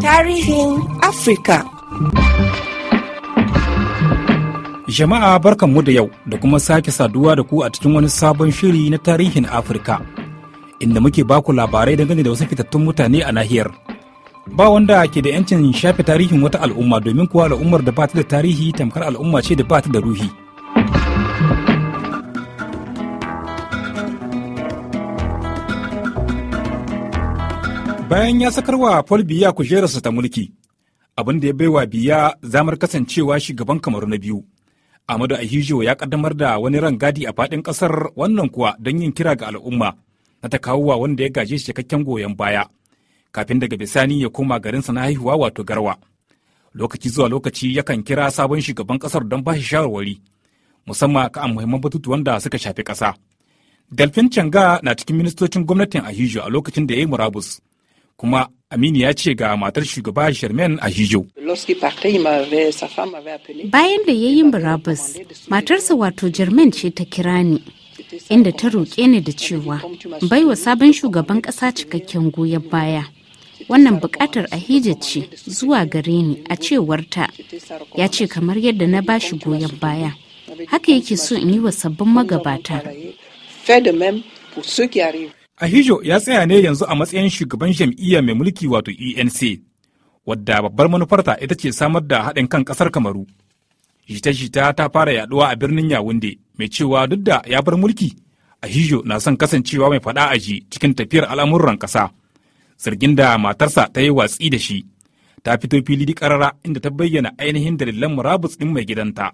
Tarihin Afirka Jama'a mu da yau da kuma sake saduwa da ku a cikin wani sabon shiri na tarihin Afirka, inda muke baku labarai dangane da wasu fitattun mutane a nahiyar. Ba wanda ke da 'yancin shafe tarihin wata al'umma domin kuwa al'ummar da ba ta da tarihi tamkar al'umma ce da ba ta da ruhi. bayan ya sakarwa paul biya kujerarsa ta mulki abin da ya baiwa biya zamar kasancewa shugaban kamaru na biyu amadu ahijo ya kaddamar da wani rangadi a fadin kasar wannan kuwa don yin kira ga al'umma na ta kawowa wanda ya gaje shi cikakken goyon baya kafin daga bisani ya koma garinsa na haihuwa wato garwa lokaci zuwa lokaci yakan kira sabon shugaban kasar don ba shi shawarwari musamman kan muhimman batutuwan da suka shafi kasa delphine changa na cikin ministocin gwamnatin ahijo a lokacin da ya yi murabus kuma Aminu ya ce ga matar shugaba Sherman a Hijo. Bayan da ya yi Barabbas, matarsa wato Germain ce ta kira ni. Inda ta roƙe ni da cewa baiwa sabon shugaban ƙasa cikakken goyon baya. Wannan buƙatar ahija ce zuwa gare ni a cewarta ya ce kamar yadda na ba shi goyon baya. Haka yake so in yi wa sabbin magabata. Ahijo ya tsaya ne yanzu a matsayin shugaban jam'iyya mai mulki wato ENC, wadda babbar manufarta ita ce samar da haɗin kan ƙasar Kamaru. Jita-jita ta fara yaɗuwa a birnin Yawunde, mai cewa duk da ya bar mulki, Ahijo na son kasancewa mai faɗa a ji cikin tafiyar al'amuran ƙasa. Zargin da matarsa ta yi watsi da shi, ta fito fili di ƙarara inda ta bayyana ainihin dalilan murabus ɗin mai gidanta.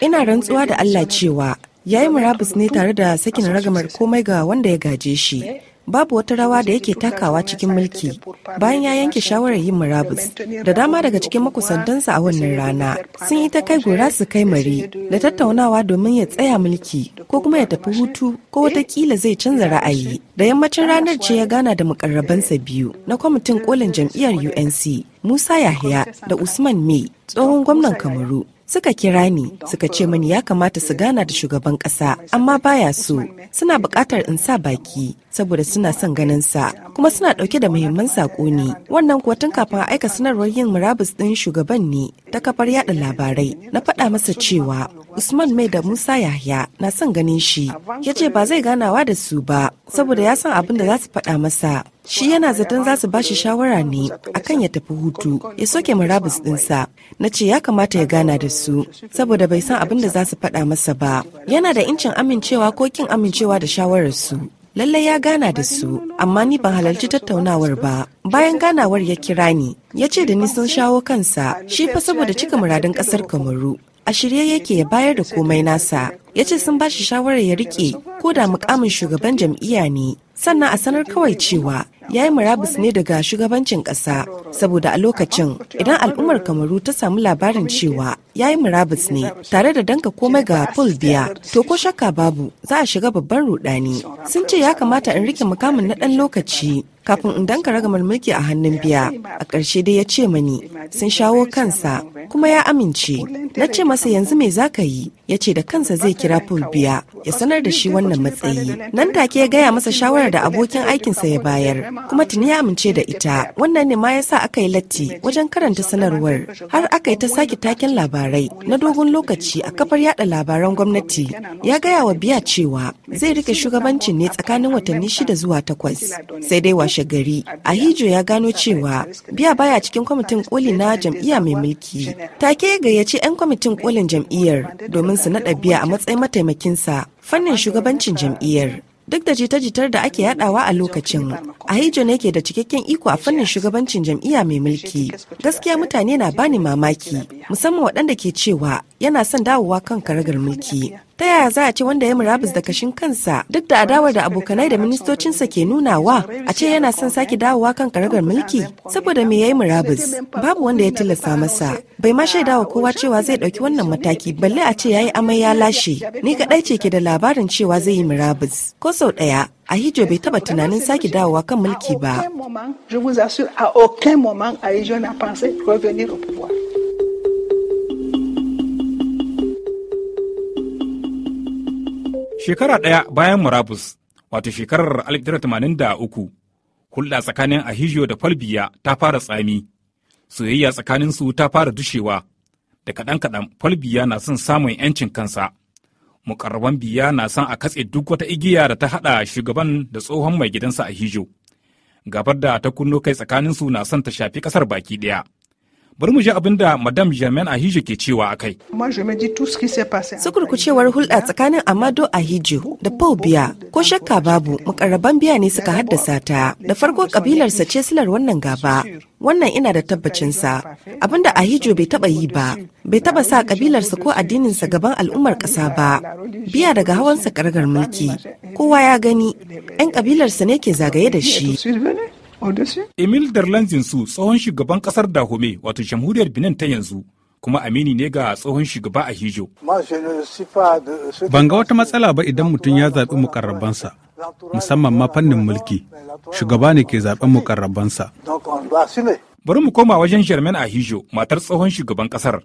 Ina rantsuwa da Allah cewa ya yi murabus ne tare da sakin ragamar komai ga wanda ya gaje shi babu wata rawa da yake takawa cikin mulki bayan ya yanke shawarar yin murabus da dama daga cikin makusantansa a wannan rana sun yi ta kai gora su kai mari da tattaunawa domin ya tsaya mulki ko kuma ya tafi hutu ko watakila zai canza ra'ayi da yammacin ranar ce ya gana da mukarrabansa biyu na kwamitin kolin jam'iyyar unc musa yahya da usman mai tsohon gwamnan kamaru suka kira ni suka ce mani ya kamata su gana da shugaban kasa amma baya so suna buƙatar in sa baki saboda suna son ganin sa kuma suna ɗauke da muhimman saƙo ne wannan kuwa tun kafin aika sanarwar yin murabus ɗin shugaban ne ta kafar yada labarai na faɗa masa cewa usman mai da musa yahya na son ganin shi ya ce ba zai ganawa da su ba saboda ya san abin da za su faɗa masa Shi yana zaton za su ba shi shawara ne akan ya tafi hutu ya soke murabus ɗinsa. Na ce ya kamata ya gana da su saboda bai san abin da za su faɗa masa ba. Yana da incin amincewa ko kin amincewa da shawarar su lallai ya gana da su amma ni ban halarci tattaunawar ba bayan ganawar ya kira ni ya ce da ni sun shawo kansa shi fa saboda cika muradin kasar kamaru a shirye yake ya bayar da komai nasa ya ce sun ba shi shawarar ya rike ko da mukamin shugaban jam'iyya ne sannan a sanar kawai cewa ya yi murabus ne daga shugabancin ƙasa saboda a lokacin idan al'ummar kamaru ta samu labarin cewa ya yi murabus ne tare da danka komai ga pol Biya to ko shakka babu za a shiga babban rudani sun ce ya kamata in rike mukamin na ɗan lokaci kafin in danka ragamar mulki a hannun biya a ƙarshe dai ya ce mani sun shawo kansa kuma ya amince na ce masa yanzu mai za ka yi ya ce da kansa zai kira pul biya ya sanar da shi wannan matsayi nan take ya gaya masa shawarar da abokin aikinsa ya bayar kuma tuni ya amince da ita wannan ne ma yasa aka yi latti wajen karanta sanarwar har aka yi ta sake taken labarai na dogon lokaci a kafar yada labaran gwamnati ya gaya wa biya cewa zai rike shugabancin ne tsakanin watanni shida zuwa takwas sai dai washe washe gari ahijo ya gano cewa biya baya cikin kwamitin koli na jam'iyya mai mulki take gayyaci 'yan kwamitin kolin jam'iyyar domin su naɗa biya a matsayin mataimakinsa fannin shugabancin jam'iyyar duk da jita-jitar da ake yadawa a lokacin ahijo ne ke da cikakken iko a fannin shugabancin jam'iyya mai mulki gaskiya mutane na bani mamaki musamman waɗanda ke cewa yana son dawowa kan karagar mulki ta yaya za a ce wanda ya murabus da kashin kansa duk da adawar da abokanai da ministocinsa ke nunawa a ce yana son sake dawowa kan karagar mulki saboda me ya yi murabus babu wanda ya tilasta masa bai ma shaida wa kowa cewa zai dauki wannan mataki balle a ce ya yi amai ya lashe ni kadai ce ke da labarin cewa zai yi murabus ko sau daya hijo bai taba tunanin sake dawowa kan mulki ba. Shekara ɗaya bayan murabus, wato shekarar 1983, hulɗa tsakanin Ahijo da Falbiya ta fara tsami, soyayya tsakaninsu ta fara dushewa, da kaɗan-kaɗan Falbiya na son samun 'yancin kansa. mukarraban biya na son a katse duk wata igiya da ta haɗa shugaban da tsohon mai gidansa a hijo gabar da ta kunno kai tsakaninsu na son ta shafi ƙasar baki ɗaya. Bari mu ji abin da Madam jamian Ahijo ke cewa a kai. Sukurkucewar hulɗa tsakanin Amado Ahijo da Paul Biya ko shakka babu mukarraban biya ne suka haddasa ta. Da farko kabilarsa ce silar wannan gaba. Wannan ina da tabbacinsa. Abin da Ahijo bai taba yi ba. Bai taɓa sa kabilarsa ko addinin sa gaban al'ummar ƙasa ba. Biya daga hawan sa karagar mulki. Kowa ya gani, 'yan kabilarsa ne ke zagaye da shi. Emil su tsohon shugaban kasar Dahome wato jamhuriyar Benin ta yanzu kuma amini ne ga tsohon shugaba a Hijo. banga wata matsala ba idan mutum ya zaɓi mukarrabansa musamman ma fannin mulki shugaba ne ke zaɓen mukarrabansa. Bari mu koma wajen Germain Ahijo matar tsohon shugaban kasar.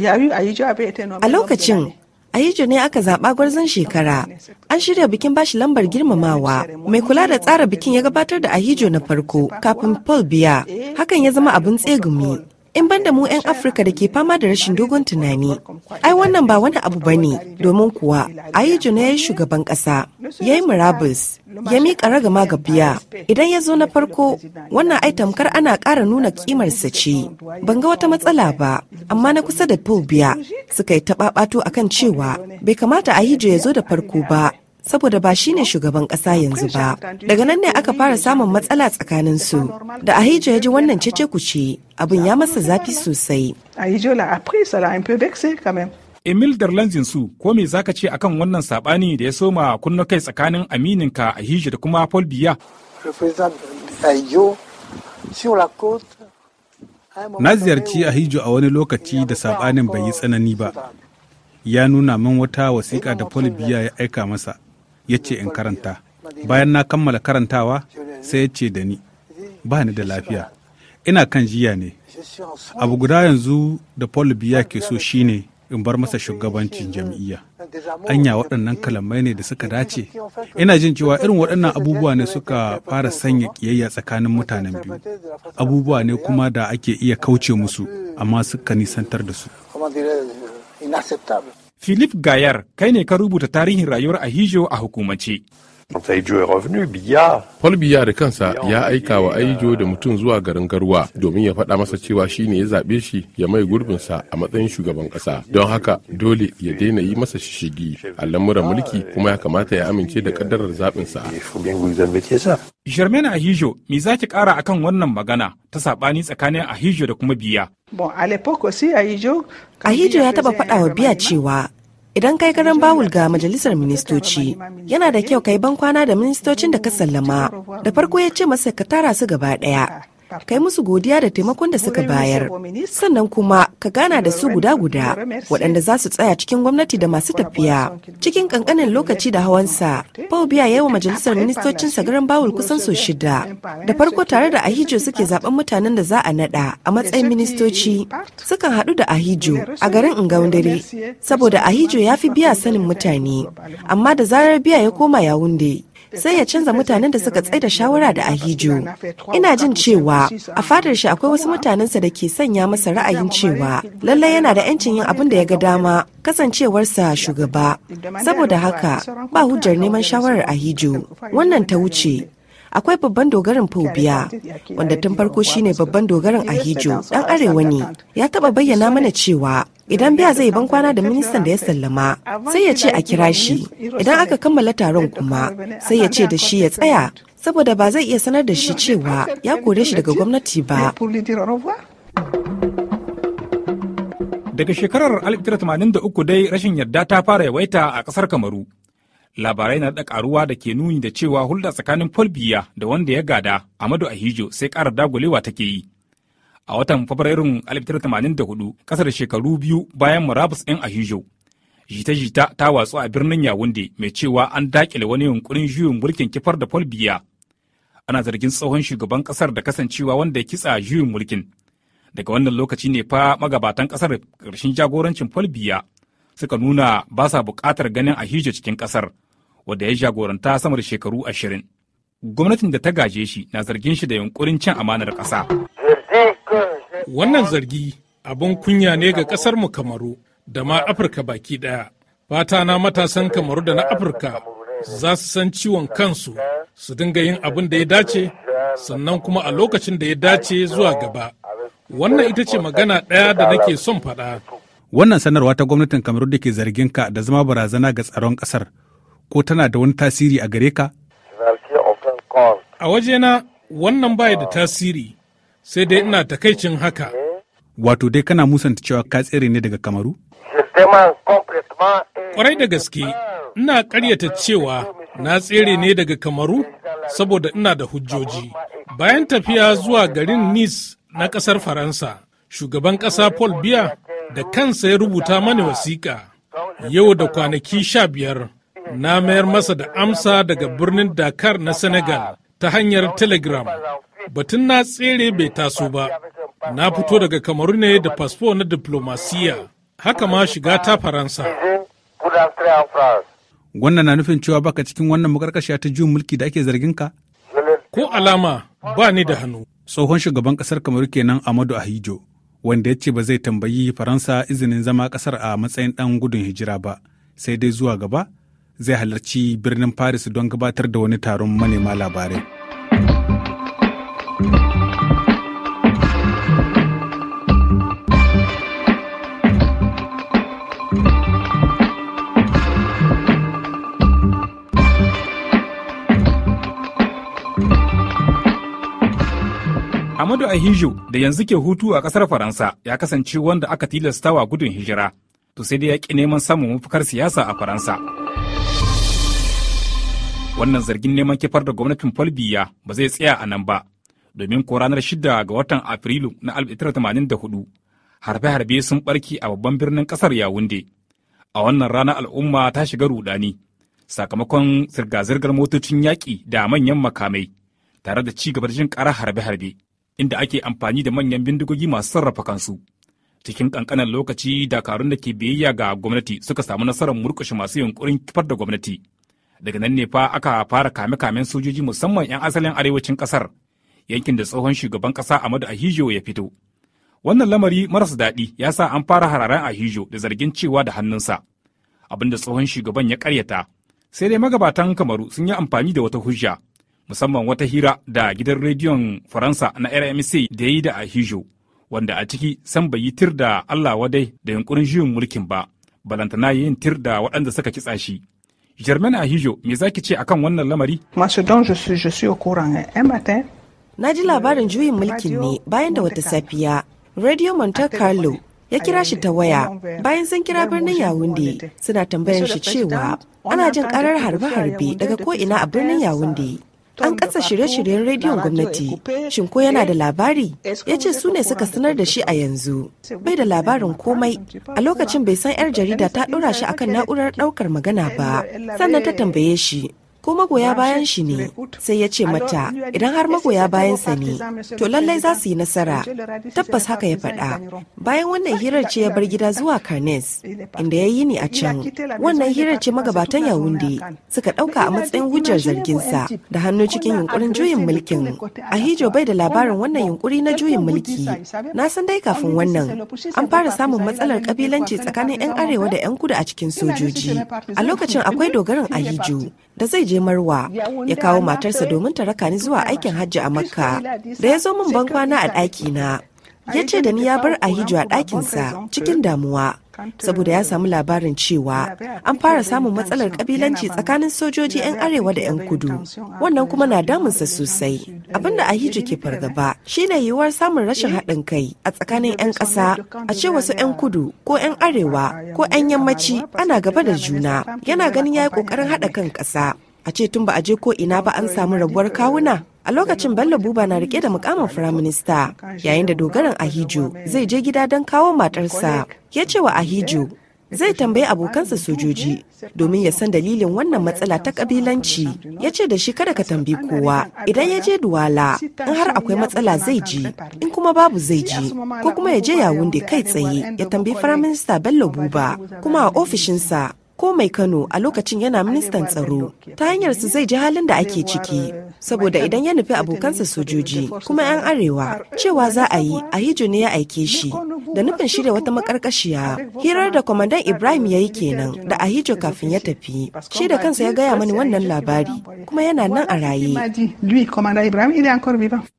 A lokacin Yijo ne aka zaɓa gwarzon shekara. An shirya bikin bashi lambar girmamawa. Mai kula da tsara bikin ya gabatar da Ahijo na farko kafin Paul biya. Hakan ya zama abin tsegumi. in banda mu 'yan afirka da ke fama da rashin dogon tunani ai wannan ba wani abu bane domin kuwa ayi juna ya shugaban kasa ya yi murabus ya miƙa ragama ga biya idan ya zo na farko wannan ai tamkar ana ƙara nuna ƙimarsa ce ban ga wata matsala ba amma na kusa da biya suka yi taɓaɓato akan cewa bai kamata ayijo ya zo da farko ba saboda ba shi ne shugaban kasa yanzu ba. Daga nan ne aka fara samun matsala tsakanin su. Da Ahijo ya ji wannan cece kuce abin ya masa zafi sosai. Emil Darlanzin su ko me zaka ce akan wannan sabani da ya soma kunna kai tsakanin amininka Ahijo da kuma Paul Biya? Na ziyarci Ahijo a wani lokaci da sabanin bai yi tsanani ba. Ya nuna min wata wasiƙa da Paul Biya ya aika masa. ya ce in karanta bayan na kammala karantawa sai ya ce da ni ba ni da lafiya ina kan jiya ne abu guda yanzu da paul biya ke so shine in bar masa shugabancin jam'iyya anya waɗannan kalamai ne da suka dace ina jin cewa irin waɗannan abubuwa ne suka fara sanya ƙiyayya tsakanin mutanen biyu abubuwa ne kuma da ake iya kauce musu amma suka nisantar da su Philip Gayar kai ne ka rubuta tarihin rayuwar Ahijo a hukumance. Paul Biya da kansa ya aika wa Aijo da mutum zuwa garin Garwa domin ya faɗa masa cewa shi ne ya zaɓe shi ya mai gurbinsa a matsayin shugaban ƙasa. Don haka dole ya daina yi masa shishigi a lamuran mulki kuma ya kamata ya amince da ƙaddarar zaɓinsa. Germaine Ahijo, me za ki ƙara akan wannan magana ta saɓani tsakanin Ahijo da kuma Biya? Ahijo ya taɓa faɗa wa Biya cewa Idan kai garan bawul ga majalisar ministoci, yana da kyau kai ban kwana da ministocin da ka sallama. Da farko ya ce masa ka tara su gaba ɗaya, kai musu godiya da taimakon da suka bayar sannan kuma ka gana da su guda-guda waɗanda za su tsaya cikin gwamnati da masu tafiya cikin ƙanƙanin lokaci da hawansa paul biya yawa majalisar ministocin sagaran bawul kusan sau shida da farko tare da ahijo suke zaben mutanen da za a naɗa a matsayin ministoci sukan haɗu da ahijo a garin ingaundare saboda ahijo ya fi biya sanin mutane amma da zarar biya ya koma yawunde sai ya canza mutanen da suka tsaida shawara da ahijo ina jin cewa a fadar shi akwai wasu mutanensa da ke sanya masa ra'ayin cewa lallai yana da 'yancin yin abin da ya ga dama kasancewarsa shugaba saboda haka ba hujjar neman shawarar ahijo wannan ta wuce akwai babban dogarin Fulbiya wanda tun farko shine babban dogarin Ahijo dan arewa ne ya taba bayyana mana cewa idan biya zai ban kwana da ministan da ya sallama sai ya ce a kira shi idan aka kammala taron kuma sai ya ce da shi ya tsaya saboda ba zai iya sanar da shi cewa ya kore shi daga gwamnati ba daga shekarar 1983 dai rashin yarda ta fara yawaita a kasar kamaru labarai na da karuwa da ke nuni da cewa hulɗa tsakanin Paul Biya da wanda ya gada Amadu Ahijo sai ƙara dagulewa take yi. A watan Fabrairun 1984, ƙasar shekaru biyu bayan murabus ɗin Ahijo, jita-jita ta watsu a birnin Yawunde mai cewa an daƙile wani yunkurin juyin mulkin kifar da Paul Biya. Ana zargin tsohon shugaban ƙasar da kasancewa wanda ya kitsa juyin mulkin. Daga wannan lokaci ne fa magabatan ƙasar ƙarshen jagorancin Paul Biya suka nuna ba sa buƙatar ganin Ahijo cikin ƙasar. wadda ya jagoranta sama da shekaru ashirin. Gwamnatin da ta gaje shi na zargin shi da yunkurin cin amanar ƙasa. Wannan zargi abin kunya ne ga ƙasar mu Kamaru da ma Afirka baki ɗaya. Fata na matasan Kamaru da na Afirka za su san ciwon kansu su dinga yin abin da ya dace sannan kuma a lokacin da ya dace zuwa gaba. Wannan ita ce magana ɗaya da nake son faɗa. Wannan sanarwa ta gwamnatin Kamaru da ke zargin ka da zama barazana ga tsaron ƙasar ko tana da wani tasiri a gare ka? A wajena wannan baya da tasiri sai dai ina takaicin haka. Wato dai kana musanta cewa ka tsere ne daga kamaru? Kwarai da gaske, ina karyata cewa na tsere ne daga kamaru saboda ina da hujjoji. Bayan tafiya zuwa garin Nice na ƙasar Faransa, shugaban ƙasa Paul Biya da kansa ya rubuta mani wasiƙa yau da kwanaki sha biyar na mayar masa da amsa daga birnin Dakar na Senegal ta hanyar Telegram. Batun na tsere bai taso ba, na fito daga kamaru ne da fasfo na diplomasiya, haka ma shiga ta Faransa. Wannan na nufin cewa baka cikin wannan makarkashiya ta juyin mulki da ake zargin ka? Ko alama ba ni da hannu. Tsohon shugaban kasar kamaru kenan Amadu Ahijo, wanda ya ce ba zai tambayi Faransa izinin zama kasar a matsayin ɗan gudun hijira ba, sai dai zuwa gaba zai halarci birnin Paris don gabatar da wani taron manema labarai. Amadu Ahijo da yanzu ke hutu a ƙasar Faransa ya kasance wanda aka tilastawa gudun hijira, to sai dai ya ƙi neman samun mafukar siyasa a Faransa. wannan zargin neman kifar da gwamnatin folbiya ba zai tsaya a nan ba domin ko ranar 6 ga watan afrilu na 1984 harbe-harbe sun barki a babban birnin kasar yawunde a wannan rana al'umma ta shiga rudani sakamakon zirga-zirgar motocin yaƙi da manyan makamai tare da ci gaba da jin ƙarar harbe-harbe inda ake amfani da manyan bindigogi masu sarrafa kansu cikin ƙanƙanan lokaci dakarun da ke biyayya ga gwamnati suka samu nasarar murƙushe masu yunƙurin kifar da gwamnati daga nan ne fa aka fara kame-kamen sojoji musamman 'yan asalin arewacin kasar yankin da tsohon shugaban kasa amadu ahijo ya fito wannan lamari maras daɗi ya sa an fara hararen ahijo da zargin cewa da hannunsa abinda tsohon shugaban ya karyata sai dai magabatan kamaru sun yi amfani da wata hujja musamman wata hira da gidan rediyon faransa na rmc da ya yi da ahijo wanda a ciki san bai yi tir da allah wadai da yunkurin juyin mulkin ba balantana yin tir da waɗanda suka kitsa shi Germaine Ahijo, me zaki ce akan wannan lamari? Na ji labarin juyin mulkin ne bayan da wata safiya. Radio Monte Carlo ya kira shi ta waya bayan sun kira birnin Yawunde suna tambayar shi cewa ana jin karar harbe-harbe daga ko'ina a birnin Yawunde. an katsa shirye-shiryen rediyon gwamnati shin ko yana da labari ya ce su ne suka sanar da shi a yanzu bai da labarin komai a lokacin bai san 'yar jarida ta ɗora shi akan na'urar ɗaukar magana ba sannan ta tambaye shi ko magoya bayan shi ne sai ya ce mata idan har magoya bayansa ne to lallai za su yi nasara tabbas haka ya faɗa bayan wannan hirar ce ya bar gida zuwa Karnes inda ya yi ni a can wannan hirar ce magabatan Yawunde suka ɗauka a matsayin hujjar zarginsa da hannu cikin yunkurin juyin mulkin Ahijo bai da labarin wannan yunkuri na juyin mulki na san dai kafin wannan an fara samun matsalar kabilanci tsakanin 'yan arewa da 'yan kudu a cikin sojoji a lokacin akwai dogarin Ahijo da zai je marwa ya kawo matarsa domin ta raka ni zuwa aikin hajji a makka da ya zo min bankwana a ɗakina ya ce da ni ya bar a ahijo a ɗakinsa cikin damuwa saboda ya samu labarin cewa an fara samun matsalar kabilanci tsakanin sojoji 'yan arewa da 'yan kudu wannan kuma na damunsa sosai abinda ahiju ke fargaba shine yiwuwar samun rashin eh? haɗin kai a tsakanin 'yan ƙasa a ce wasu 'yan kudu ko 'yan arewa ko 'yan yammaci ana gaba da juna yana ganin ya yi ƙoƙarin haɗa kan ƙasa a ce tun ba a je ko ina ba an samu rabuwar kawuna A lokacin Bello Buba na rike da mukamin firaminista yayin da dogaran Ahiju zai je gida don kawo matarsa. Ya ce wa Ahijo zai tambayi abokansa sojoji domin ya san dalilin wannan matsala ta kabilanci ya ce da shi kada ka tambi kowa idan ya je duwala in har akwai matsala zai ji in kuma babu zai ji ko kuma ya je yawun da kai tsaye ya tambayi firaminista bello buba kuma a ofishinsa ko mai Kano a lokacin yana ministan tsaro ta hanyar su zai ji halin da ake ciki saboda idan ya nufi abokansa sojoji kuma 'yan arewa cewa za a yi a hijo ne ya aike shi da nufin shirya wata makarkashiya hirar da kwamandan Ibrahim ya yi kenan da a hijo kafin ya tafi shi da kansa ya gaya mani wannan labari kuma yana nan a raye.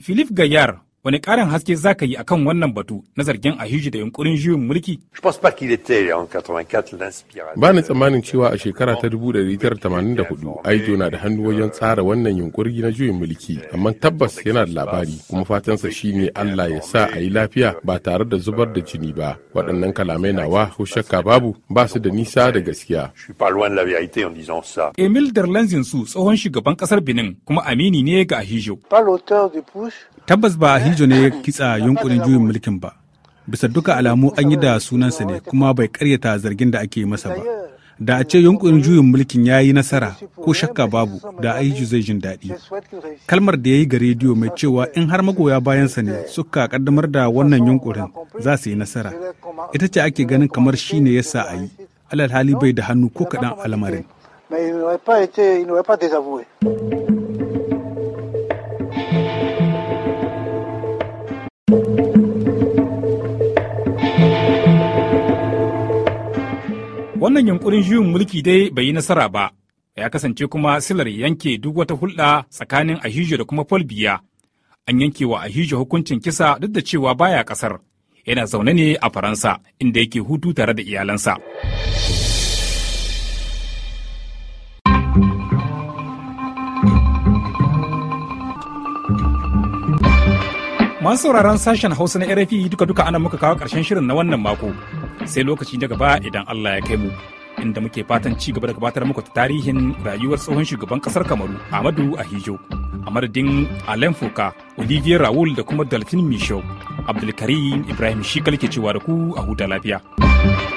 Philip Gayar Wani ƙarin haske za ka yi akan wannan batu na zargin Ahiji da yunkurin juyin mulki? Ba ni tsammanin cewa a shekara ta 1984 Aijo na da hannu wajen tsara wannan yunkuri na juyin mulki, amma tabbas yana da labari kuma fatansa ne Allah ya sa a yi lafiya ba tare da zubar da jini ba. Waɗannan kalamai nawa ko shakka babu ba su da nisa da gaskiya. Emil Darlanzin su tsohon shugaban ƙasar Benin kuma amini ne ga Ahijo. Tabbas ba Hijo ne ya kitsa yunkurin juyin mulkin ba. Bisa duka alamu an yi da sunansa ne kuma bai karyata zargin da ake masa ba. Da a ce yunkurin juyin mulkin ya yi nasara ko shakka babu da Hijo zai jin daɗi. Kalmar da ya yi ga rediyo mai cewa in har magoya bayansa ne suka kaddamar da wannan yunkurin za su yi nasara. Ita ce ake ganin kamar shi ne ya sa a yi. Alal hali bai da hannu ko kaɗan a lamarin. Wannan yunkurin juyin mulki dai bai yi nasara ba, ya kasance kuma silar yanke duk wata hulɗa tsakanin Ahijo da kuma Paul An yanke wa Ahijo hukuncin kisa duk da cewa baya ƙasar, yana zaune ne a Faransa inda yake hutu tare da iyalansa. Masu sauraron sashen Hausa na RFI duka-duka ana muka kawo ƙarshen shirin na wannan mako. Sai lokaci na gaba idan Allah ya kai mu. Inda muke fatan ci gaba da gabatar muku tarihin rayuwar tsohon shugaban ƙasar Kamaru Ahmadu Ahijo. A madadin Alain Foka, Olivier Raoul da kuma Dalphine Michaud, Abdulkarim Ibrahim Shikal ke cewa da ku a huta lafiya.